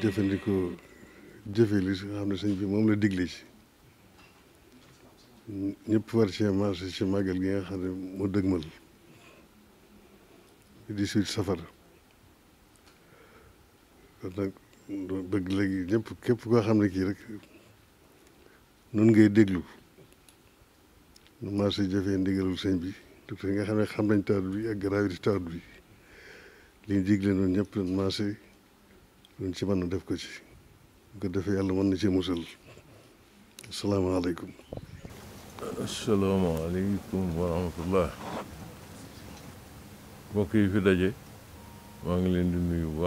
jëfandikoo jëfe li nga xam ne sëñ bi moom la digle ci ñëpp war cee marché ci màggal gi nga xam ne mu dëgmal di suy safar kon nag bëgg léegi ñëpp képp koo xam ne kii rek nun ngay déglu nu marché jëfee ndigalul sëñ bi te nga xam ne xam nañ bi ak gravité tawat bi liñ digle noonu ñëpp nun marché luñ ci man na def ko ci bu ko defee yàlla mën na ci musal asalaamaaleykum asalaamaaleykum wa rahmatullah mbokk yi fi daje maa ngi leen di nuyu bu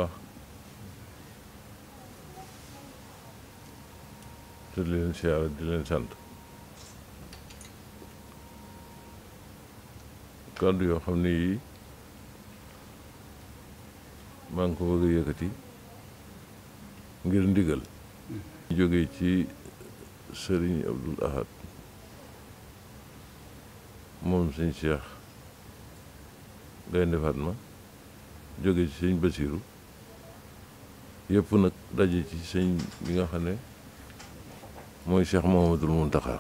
te di leen siyaare di leen sant kàddu yoo xam ne yii maa ngi ko bëgg ngir ndigal jóge ci sëriñ Abdul Ahad moom sëñ Cheikh Gaynde Fatma jóge ci sëñ Basiiru yëpp nag daje ci sëñ bi nga xam ne mooy Cheikh Mouhamadul Mountakha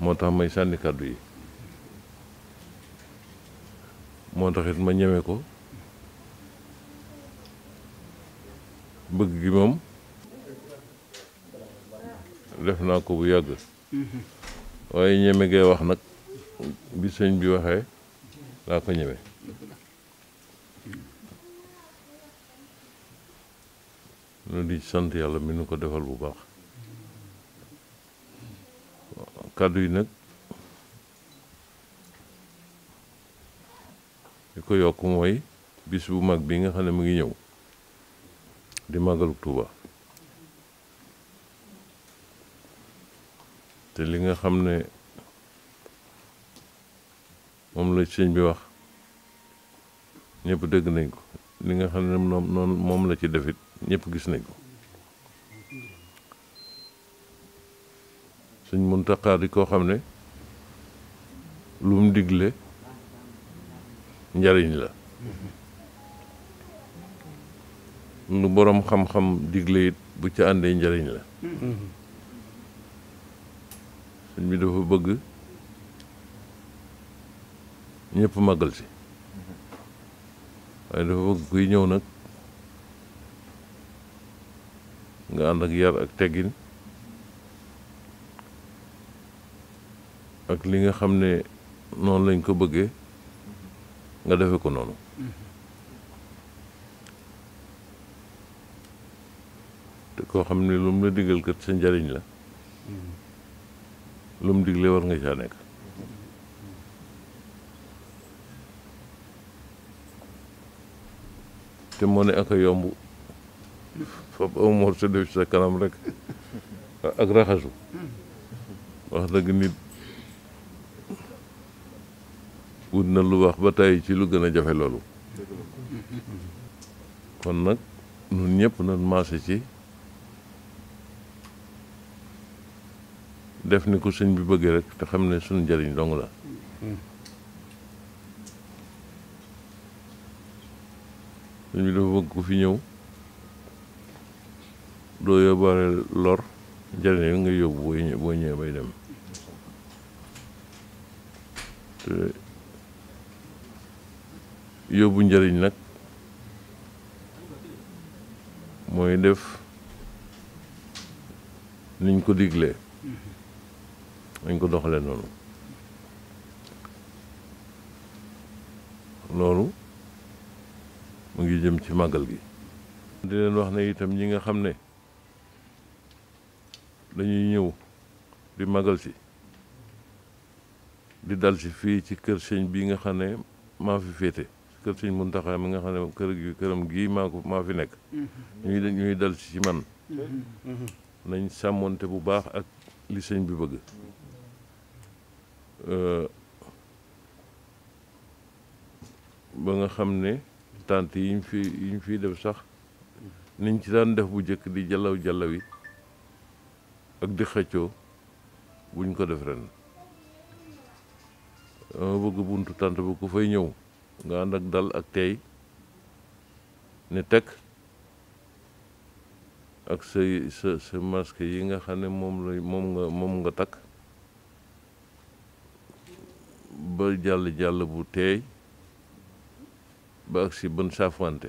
moo tax may sànni kàddu yi moo taxit ma ñeme ko bëgg gi moom def naa ko bu yàgg mm-hmm. waaye ñeme gee wax nag bi sëñ bi waxee laa ko ñeme nu di sant yàlla mi nu ko defal bu baax kàddu yi nag li ko yokk mooy bis bu mag bii nga xam ne mu ngi ñëw di màggalu Tuuba te li nga xam ne moom la sëñ bi wax ñëpp dëgg nañ ko li nga xam ne moom la ci defit ñépp gis nañ ko suñ Muntaxa di koo xam ne lu mu digle njariñ la lu boroom xam-xam digle it bu ca àndee njariñ la suñ bi dafa bëgg ñépp màggal si waaye dafa bëgg kuy ñëw nag nga and ak yar ak teggin ak li nga xamne ne lañ ko bëggee nga defe ko noonu te ko xamne ne lu mu la digal kat sa njariñ la lu mu digle war nga caa nek te moo ne ak yombu fab aw morso def ci sa kanam rek ak raxasu wax dëgg nit wut na lu wax ba tey ci lu gën a jafe loolu kon nag nun ñëpp nan maase ci def ni ko sëñ bi bëggee rek te xam ne suñu njëriñ dong la sëñ bi dafa bëgg ku fi ñëw doo yóbbaale lor njëriñ yi nga yóbbu boo ñëwee bay dem te yóbbu njëriñ nag mooy def niñ ko diglee dañ ko doxalee noonu loolu mu ngi jëm ci màggal gi di leen wax ne itam ñi nga xam ne dañuy ñëw di magal ci di dal si fii ci kër sëñ bi nga xam ne maa fi féete kër sëñ Muntaxa mi nga xam ne kër gi këram gii maa ko maa fi nekk mhm. ñuy ñuy dal ci ci man mhm. nañ sàmmonte bu baax ak li sëñ bi bëgg euh, ba nga xam ne tànt yiñ fi yiñ fi def sax niñ ci daan def bu jëkk di jalaw jalaw yi ak di xëccoo buñ ko def ren dama bëgg buntu tant ba ku fay ñëw nga ànd ak dal ak tey ne teg ak sa sa sa yi nga xam ne moom la moom nga moom nga takk ba jàll jàll bu teey ba ak si saafante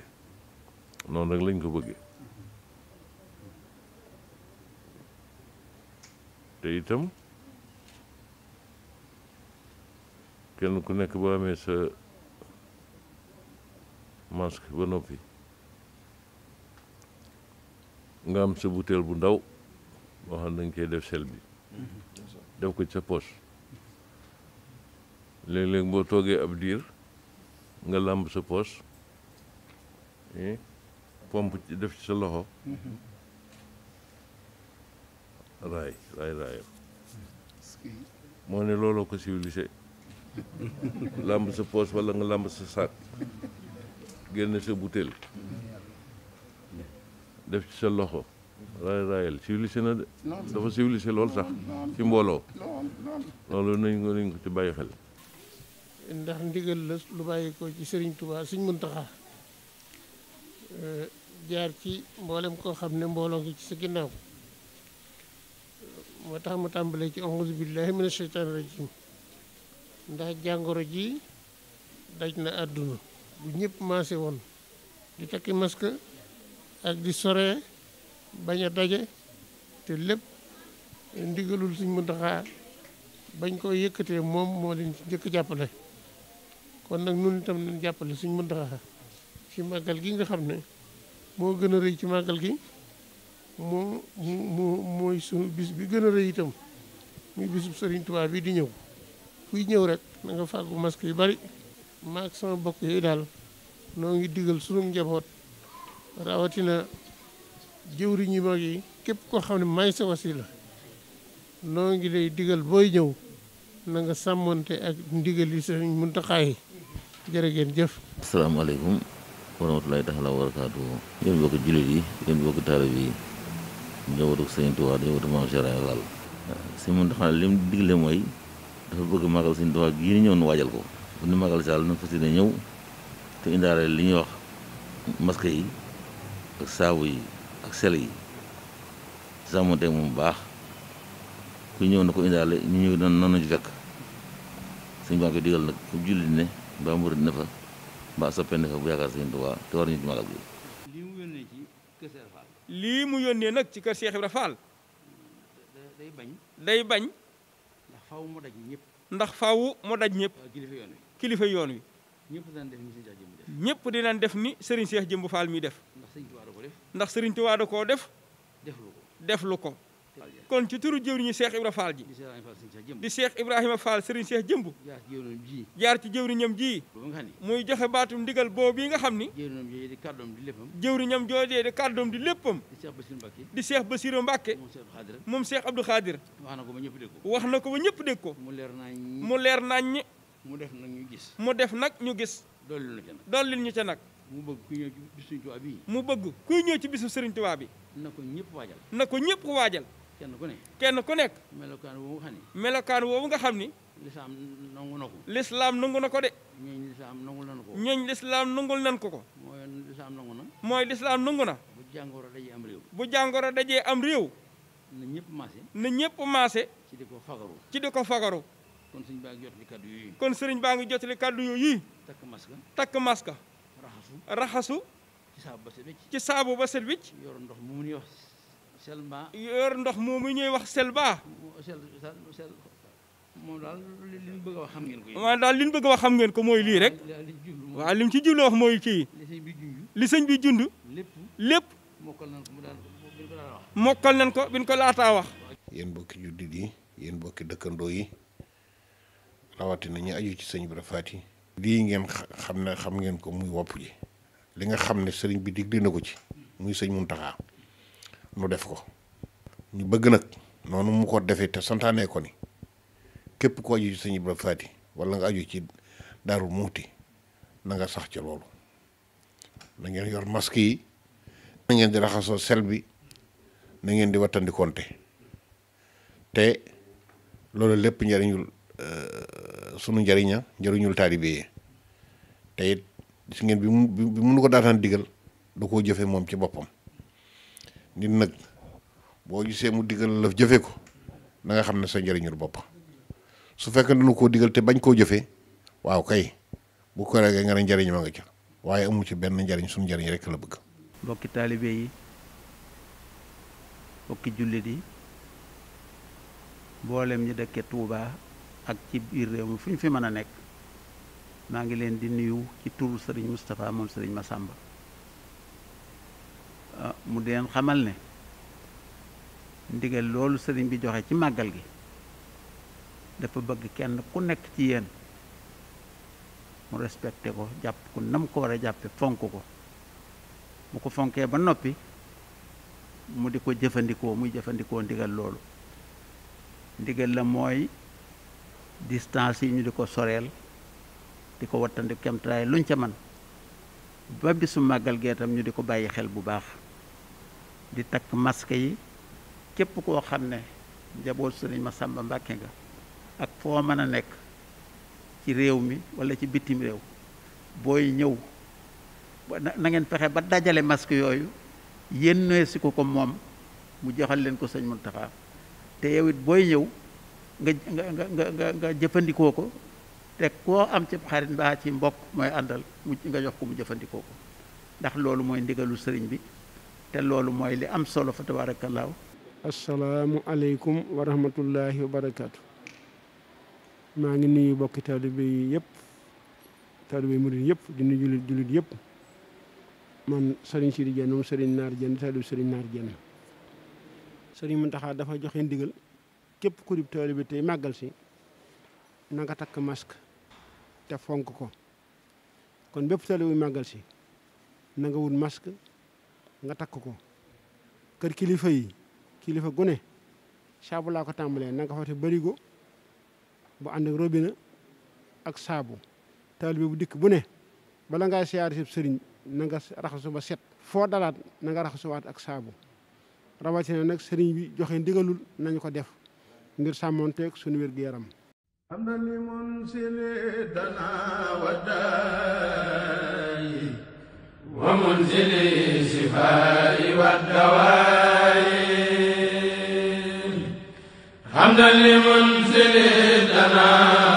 noonu rek lañ ko bëggee te itam kenn ku nekk boo amee sa masque ba noppi nga am sa butéel bu ndaw boo xam dañ koy def sel bi def ko ci sa poche léeg-léeg boo toogee ab diir nga làmb sa poche eh, pompe def ci sa loxo raay raay raayam moo ne looloo ko civilisé làmb sa poos walla nga làmb sa saak génn sa butéel def ci sa loxo raay raayal civilisé na de dafa civilisé lool sax ci mbooloo loolu nañ ko nañ ko ci bàyyi xel ndax ndigal la lu bàyyi ko ci sëriñ Touba suñ Muntaxa euh, jaar ci mboolem koo xam ne mbooloo ngi ci sa ginnaaw motax mu tambalé ci auzu billahi minash shaitanir rajim ndax jangoro ji daj na aduna bu ñepp masé won di takki masque ak di sore baña dajé té lepp lépp ndigalul suñ muntaxaa bañ ko yëkëté mom mo leen ci jëk jappalé kon nag nun itam nañ jàppale suñ muntaxaa ci magal gi nga xamné mo gëna reuy ci magal gi moo moo mooy sunu bis bi gëna a rëy itam muy bisub Serigne Touba bi di ñëw kuy ñëw rek na nga fàggu masque yu bari maak sama bokk yooyu daal noo ngi digal sunu njaboot rawatina jëwriñ yi mag yi képp koo xam ne may sa la noo ngi lay digal booy ñëw na nga sàmmoonte ak ndigal yi Serigne Mountakha yi jërë ngeen jëf. asalaamaaleykum wa rahmatulahi taala wa barakaatu. yéen bokk jullit yi yéen bokk taalibe yi. njabootu Sëriñ Tuubaa njabootu Maam Cheikh Ibrahima mun taxam ne li mu digle mooy dafa bëgg màggal Sëriñ Tuubaa gii ni ñëw nu waajal ko bu ñu màggal saal nu fas yéene ñëw te indaale li ñuy wax masque yi ak saabu yi ak sel yi sàmmonteeg mu baax ku ñëw na ko indaale ñu ñëw na noonu fekk suñ baa ko digal nag ku jullit ne mbaa murit ne fa mbaa soppee ne fa bu yaakaar Sëriñ Tuubaa te war ñu ci gi lii mu yónnee nag ci kër Cheikh Ibra Fall. day bañ. day bañ. ndax faaw mu daj ñëpp. ndax faaw mu daj ñëpp. kilifa yoon wi kilifa yoon wi. ñëpp dinañ def ni Serigne Cheikh jëmb def. ñëpp def ni Serigne Cheikh Jëmb Fall mi def. ndax Serigne Touba da koo def. ndax Serigne Touba da koo def. def lu ko def lu ko. kon ci turu jëwriñu Cheikh Ibra Fall ji di Cheikh Ibrahima Fall Serigne Cheikh jëmb jaar ci jëwriñam ji muy joxe baatum ndigal boobu yi nga xam ni jëwriñam joojee di kàddoom di léppam di Cheikh Bassirou Mbacke moom Cheikh Abdou Khadir wax na ko ba ñëpp dégg ko mu leer nañ mu def nag ñu gis mu def nag ñu gis dollil ñu ca nag mu bëgg kuy ñëw ci bisu Serigne Touba mu bëgg kuy ñëw ci bisu Serigne Touba bi na ko ñëpp waajal na ko ñëpp waajal kenn ku ne. kenn ku nekk. melokaan woowu nga xam ni. melokaan woowu nga xam ni. lislaam nangu na ko. lislaam nangu na ko de. ñooñ lislaam nangul nan ko. ñooñ lislaam nangul nan ko ko. mooy lislaam nangu na. mooy lislaam nangu na. bu jàngoro dajee am réew. bu jàngoro dajee am réew. na ñëpp maase. na ñëpp maase. ci di ko fagaru. ci di ko fagaru. kon sëriñ baa ngi jotali kaddu yooyu. kon sëriñ baa ngi jotali kaddu yooyu. takk maska takk masque. raxasu. raxasu. ci saabu ba set wicc. ci saabu ba set wicc. yor ndox mu mun yox selma yor ndox moomu ñuy wax selba moom daal li ñu bëgg a wax xam ngeen ko waaw daal li ñu bëgg a wax xam ngeen ko mooy lii rek waaw li mu ci jublu wax mooy kii li sëñ bi jund lépp mokkal nañ ko biñ ko laataa wax yéen bokki juddit yi yéen bokki dëkkandoo yi rawatina ñi aju ci sëñ bi rafaat yi ngeen xam xam ngeen ko muy wopp li nga xam ne bi dig dina ci muy sëñ Muntaxa mu def ko ñu bëgg nag noonu mu ko defee te santaanee ko ni képp ko aju ci Sëñ walla nga aju ci Daaru Muuti nanga sax ci loolu na ngeen yor masque yi na di raxasoo sel bi na ngeen di wattandikonte te loolu lépp njëriñul euh, sunu njariña njëriñul taalibe yi te it gis ngeen bi mu bi mu nu ko daataan digal da koo jëfee moom ci boppam nit nag boo gisee mu digal la jëfe ko na nga xam ne sa njëriñul bopp su fekkee ne lu ko digal te bañ koo jëfee waaw kay bu ko regee nga ne njëriñ ma nga ca waaye amu ci benn njëriñ suñu njëriñ rek la bëgg. mbokki taalibe yi mbokki jullit yi mboolem ñi dëkke Touba ak ci biir réew mi fu fi mën a nekk maa ngi leen di nuyu ci turu Serigne Moustapha moom Serigne Massamba. mu deen xamal ne ndigal loolu sëriñ bi joxe ci màggal gi dafa bëgg kenn ku nekk ci yéen mu respecté ko jàpp ku nam ko war a jàppe fonk ko mu ko fonkee ba noppi mu di ko jëfandikoo muy jëfandikoo ndigal loolu ndigal la mooy distance yi ñu di ko soreel di ko wattandi kemtaay luñ ca man ba bisu màggal gee tam ñu di ko bàyyi xel bu baax di takk masque yi képp koo xam ne njaboot sëriñ Masamba Mbàkke nga ak foo mën a nekk ci réew mi wala ci bitim réew booy ñëw na ngeen fexe ba dajale masque yooyu yénnee si ko ko moom mu joxal leen ko sëñ Muntaxa te yowit booy ñëw nga nga nga nga jëfandikoo ko te koo am ci xarit mbaa ci mbokk mooy àndal mu nga jox ko mu jëfandikoo ko ndax loolu mooy ndigalu sëriñ bi té loolu mooy li am solo fa tabaarakallaahu assalamu alaykum wa rahmatullahi wa barakatuh maa ngi nuyu bokk talibé yi yëpp taalibe murid di nuyu julit julit yépp man Serigne Sidi jenn moom Serigne nar jenn talibé Serigne nar jenn Serigne muntaha dafa joxe ndigal képp kurib talibé tey màggal si na nga takk masque te fonk ko kon bépp talibé magal si na nga masque nga takk ko kër kilifa yi kilifa gu ne saabu laa ko tàmbalee na nga fa te barigo bu ànd ak robinet ak saabu taalibe bu dikk bu ne bala ngaa siyaar si sëriñ na nga raxasu ba set foo dalaat nanga nga raxasuwaat ak saabu rawatina nag sëriñ bi joxe ndigalul nañu ko def ngir sàmmonteeg suñu wér gu yaram am na ومنزل الشفاء والدواء حمدا لمنزل الأنام